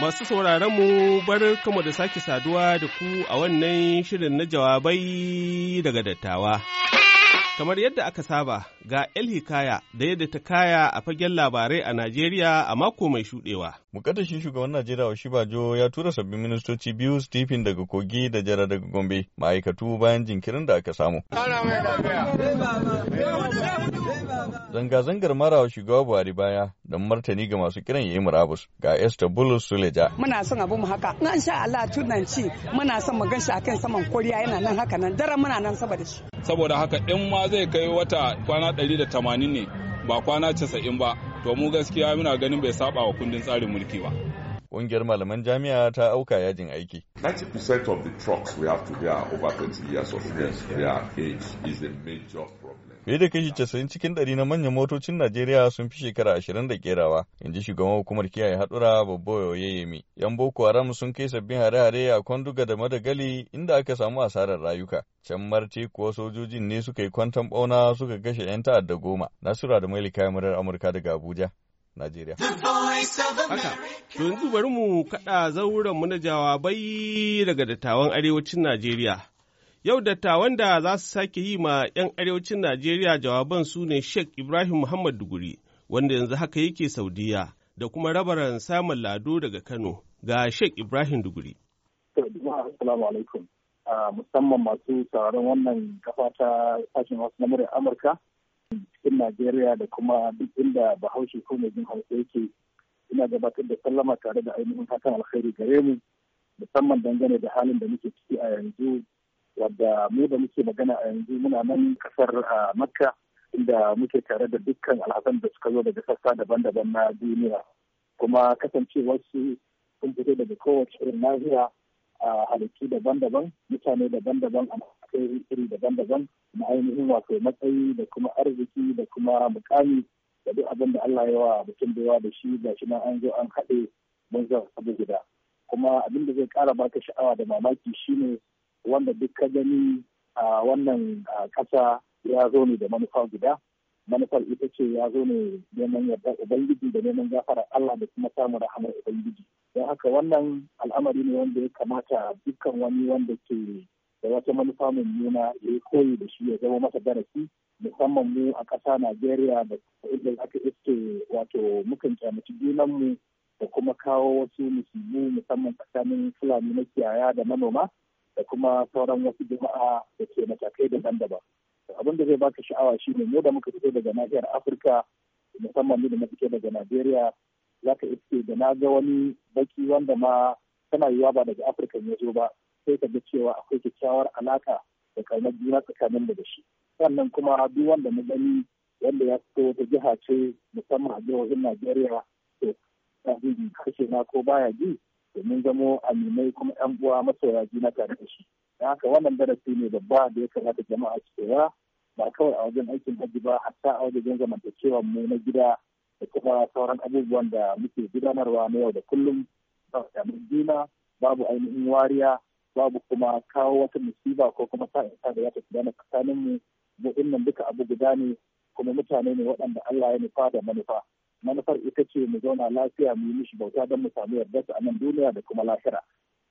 Masu sauraronmu bar kama da sake saduwa da ku a wannan shirin na jawabai daga dattawa. Kamar yadda aka saba ga El Hikaya da yadda ta kaya a fagen labarai a Najeriya a mako mai shudewa. Mukaddashin shugaban Najeriya Bajo ya tura sabbin ministoci biyu Stephen daga Kogi da Jara daga Gombe ma'aikatu bayan jinkirin da aka samu. Zanga-zangar marawa shugaba Buhari baya don martani ga masu kiran yayi murabus ga Esther Bulus Suleja. Muna son abu mu haka. Na sha Allah ci muna son mu ganshi akan saman koriya yana nan haka nan daren muna nan saboda shi. Saboda haka in ma zai kai wata kwana ɗari da tamanin ne ba kwana casa'in ba to mu gaskiya muna ganin bai saba wa kundin tsarin mulki ba. Ƙungiyar malaman jami'a ta auka yajin aiki. 90% of the trucks we have today are over 20 years of age is a major problem. Fiye da kashi casa'in cikin ɗari na manyan motocin Najeriya sun fi shekara ashirin da kerawa, in ji shugaban hukumar kiyaye haɗura yi Oyeyemi. Yan Boko Haram sun kai sabbin hare-hare a Kwanduga da Madagali inda aka samu asarar rayuka. Can Marte kuwa sojojin ne suka yi kwantan ɓauna suka kashe 'yan ta'adda goma. Nasura da Maili kayan murar Amurka daga Abuja. Najeriya. Haka, to yanzu bari mu kaɗa zauren manajawa bai daga dattawan arewacin Najeriya. Yau dattawan da za su sake yi ma 'yan arewacin Najeriya jawaban su ne Sheikh Ibrahim Muhammad Duguri, wanda yanzu haka yake Saudiya, da kuma rabaran samun lado daga Kano ga Sheikh Ibrahim Duguri. alaikum. Ah, musamman masu sauraron wannan kafa ta wasu na Amurka cikin Najeriya da kuma duk inda Bahaushe ko mai jin Hausa yake ina gabatar da sallama tare da ainihin hakan alkhairi gare mu musamman dangane da halin da muke ciki a yanzu wadda mu da muke magana a yanzu muna nan kasar makka inda muke tare da dukkan alhazan da suka zo daga sassa daban-daban na duniya kuma kasancewar su sun fito daga kowace irin nahiya a halittu daban-daban mutane daban-daban a matsayin iri daban-daban na ainihin wato matsayi da kuma arziki da kuma mukami da duk abin da Allah yawa mutum da da shi ga shi nan an zo an haɗe mun zan abu guda kuma abin da zai ƙara baka sha'awa da mamaki shine wanda duk gani a wannan ƙasa ya zo ne da manufa guda manufar ita ce ya zo ne neman yarda ubangiji da neman gafara Allah da kuma samun rahamar ubangiji don haka wannan al'amari ne wanda ya kamata dukkan wani wanda ke da wata manufa nuna ya yi koyi da shi ya zama masa darasi musamman mu a ƙasa Najeriya da inda aka iske wato mukan kyamaci mu, da kuma kawo wasu musulmi musamman tsakanin Fulani makiyaya da manoma da kuma sauran wasu jama'a da ke matakai daban-daban abin da zai baka sha'awa shine mu da muka fito daga nahiyar afirka musamman mu da muka fito daga najeriya za ka iske da na ga wani baki wanda ma tana yiwa ba daga afirka ya zo ba sai ka ga cewa akwai kyakkyawar alaka da kaunar juna tsakanin da shi sannan kuma duk wanda mu gani wanda ya fito wata jiha ce musamman a jihohin najeriya to kashe na ko baya ji domin zamo aminai kuma yan uwa masoya na tare da shi da haka wannan darasi ne babba da ya kamata jama'a su koya ba kawai a wajen aikin aji ba hatta a wajen cewa mu na gida da kuma sauran abubuwan da muke gudanarwa na yau da kullum ba samun juna babu ainihin wariya babu kuma kawo wata musiba ko kuma in da ya ta gudana tsakaninmu mu innan duka abu guda ne kuma mutane ne waɗanda Allah ya nufa da manufa manufar ita ce mu zauna lafiya mu yi mishi bauta don mu samu yarda a nan duniya da kuma lahira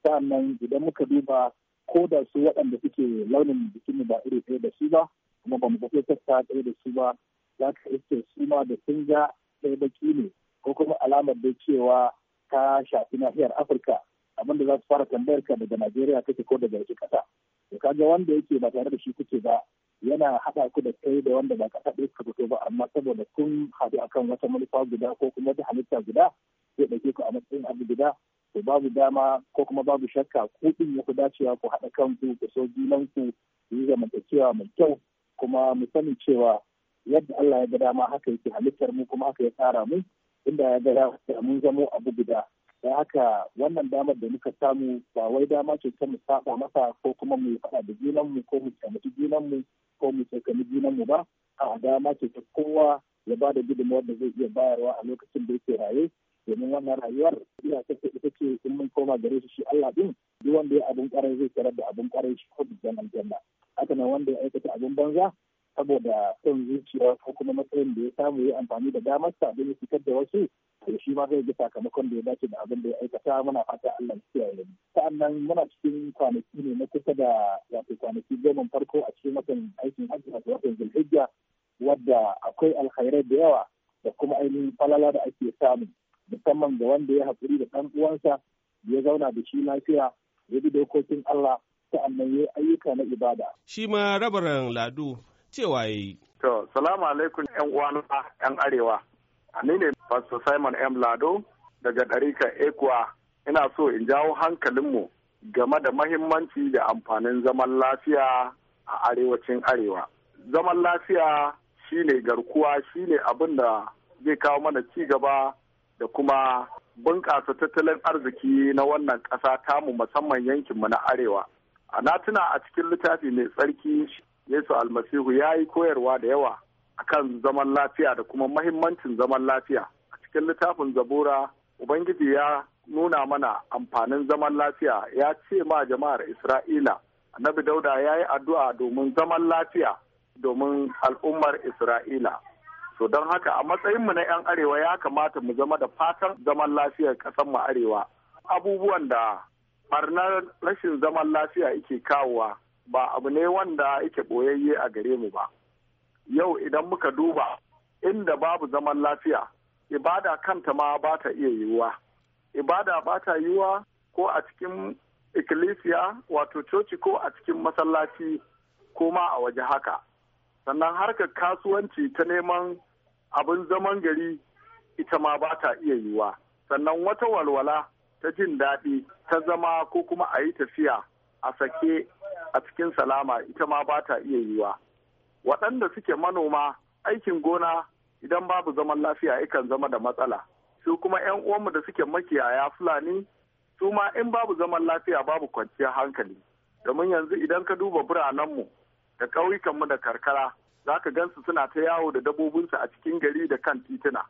sa'annan idan muka duba ko da su waɗanda suke launin jikinmu ba iri ɗaya da su ba kuma ba mu tafi sassa ɗaya da su ba za ka iske su ma da sun ga ɗaya baki ne ko kuma alamar da cewa ta shafi nahiyar afirka da za su fara tambayar ka daga najeriya kake ko daga wata ƙasa to kaga wanda yake ba tare da shi kuke ba yana haɗa ku da kai da wanda ba ka ɗaya ka fito ba amma saboda kun haɗu akan wata manufa guda ko kuma wata halitta guda zai ɗauke ku a matsayin abu guda to babu dama ko kuma babu shakka ku ɗin ya ku dacewa ku haɗa kan ku so junanku ku yi zamantakewa mai kyau kuma mu sani cewa yadda Allah ya ga dama haka yake halittar mu kuma haka ya tsara mu inda ya ga mun zamo abu guda da haka wannan damar da muka samu ba wai dama ce ta mu saba masa ko kuma mu faɗa da junanmu ko mu kyamaci junanmu ko mu tsokani junanmu ba a dama ce ta kowa ya ba da gudunmawar da zai iya bayarwa a lokacin da yake raye domin wannan rayuwar ina kake ita ce in mun koma gare shi shi Allah din duk wanda ya abun kwarai zai tarar da abun kwarai shi ko bijan aljanna haka nan wanda ya aikata abun banza saboda son zuciya ko kuma matsayin da ya samu ya amfani da damar sa don ya fitar da wasu to shi ma zai ga sakamakon da ya dace da abin da ya aikata muna fata Allah ya kiyaye sa'annan muna cikin kwanaki ne na kusa da wato kwanaki goma farko a cikin watan aikin hajji wato watan zulhijja wadda akwai alkhairai da yawa da kuma ainihin falala da ake samu musamman ga wanda ya haƙuri da ɗan uwansa ya zauna da shi lafiya ya bi dokokin Allah sa'annan ya ayyuka na ibada. Shi ma rabaran Ladu cewa to salamu alaikum yan uwana yan arewa ni ne pastor Simon M Lado daga ɗarika Ekwa ina so in jawo hankalinmu game da mahimmanci da amfanin zaman lafiya a arewacin arewa zaman lafiya shi ne garkuwa shi ne abin da zai kawo mana ci gaba da kuma bunƙasa tattalin arziki na wannan ƙasa tamu musamman yankinmu na arewa a na tuna a cikin littafi mai tsarki yesu almasihu ya yi koyarwa da yawa a kan zaman lafiya da kuma mahimmancin zaman lafiya a cikin littafin zabura ubangiji ya nuna mana amfanin zaman lafiya ya ce ma jama'ar isra'ila annabi dauda ya yi addu'a domin zaman lafiya domin al'ummar isra'ila so don haka a matsayinmu na 'yan arewa ya kamata mu zama da fatan zaman lafiyar ƙasar mu arewa abubuwan da barnar rashin zaman lafiya yake kawowa ba abu ne wanda yake boyayye a gare mu ba yau idan muka duba inda babu zaman lafiya ibada kanta ma ba ta iya yiwuwa ibada ba ta yiwuwa ko a cikin ikkilisiya wato coci ko a cikin masallaci ko ma a waje haka sannan harkar kasuwanci ta neman abin zaman gari ita ma ba ta iya yiwuwa sannan wata walwala ta jin daɗi ta zama ko kuma a yi tafiya a sake a cikin salama ita ma ba ta iya yiwa waɗanda suke manoma aikin gona idan babu zaman lafiya yakan zama da matsala su kuma 'yan uwanmu da suke makiyaya fulani su ma in babu zaman lafiya babu kwanciyar hankali domin yanzu idan ka duba biranenmu da ƙauyukanmu da karkara za ka gansu suna ta yawo da dabobinsu a cikin gari da kan tituna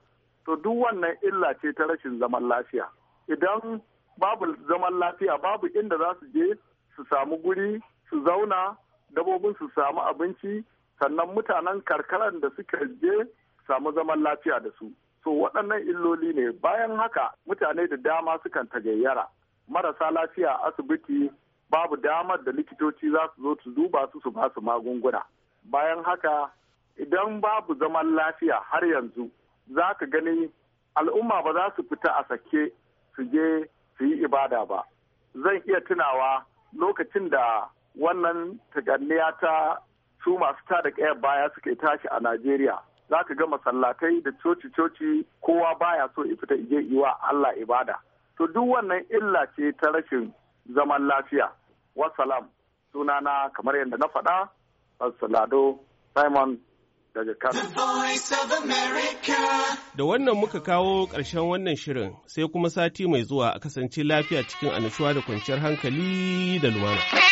to duk wannan illa ce ta rashin zaman lafiya idan babu zaman lafiya babu inda za su je su samu guri su zauna dabobin su samu abinci sannan mutanen karkaran da suka je samu zaman lafiya da su so waɗannan illoli ne bayan haka mutane da dama sukan tagayyara marasa lafiya asibiti babu damar da likitoci za su zo su duba su su ba su magunguna bayan haka idan babu zaman lafiya har yanzu za ka gani al'umma ba za su fita a sake su je su yi ibada ba zan iya tunawa lokacin da wannan taganniya ta su masu tada kayar baya suke tashi a Najeriya. Za ka ga masallatai da coci-coci kowa baya so ya fita ije iwa Allah ibada. To duk wannan illa ce ta rashin zaman lafiya. Wasalam sunana kamar yadda na faɗa, Salado Simon daga Da wannan muka kawo ƙarshen wannan shirin sai kuma sati mai zuwa a kasance lafiya cikin annashuwa da kwanciyar hankali da lumana.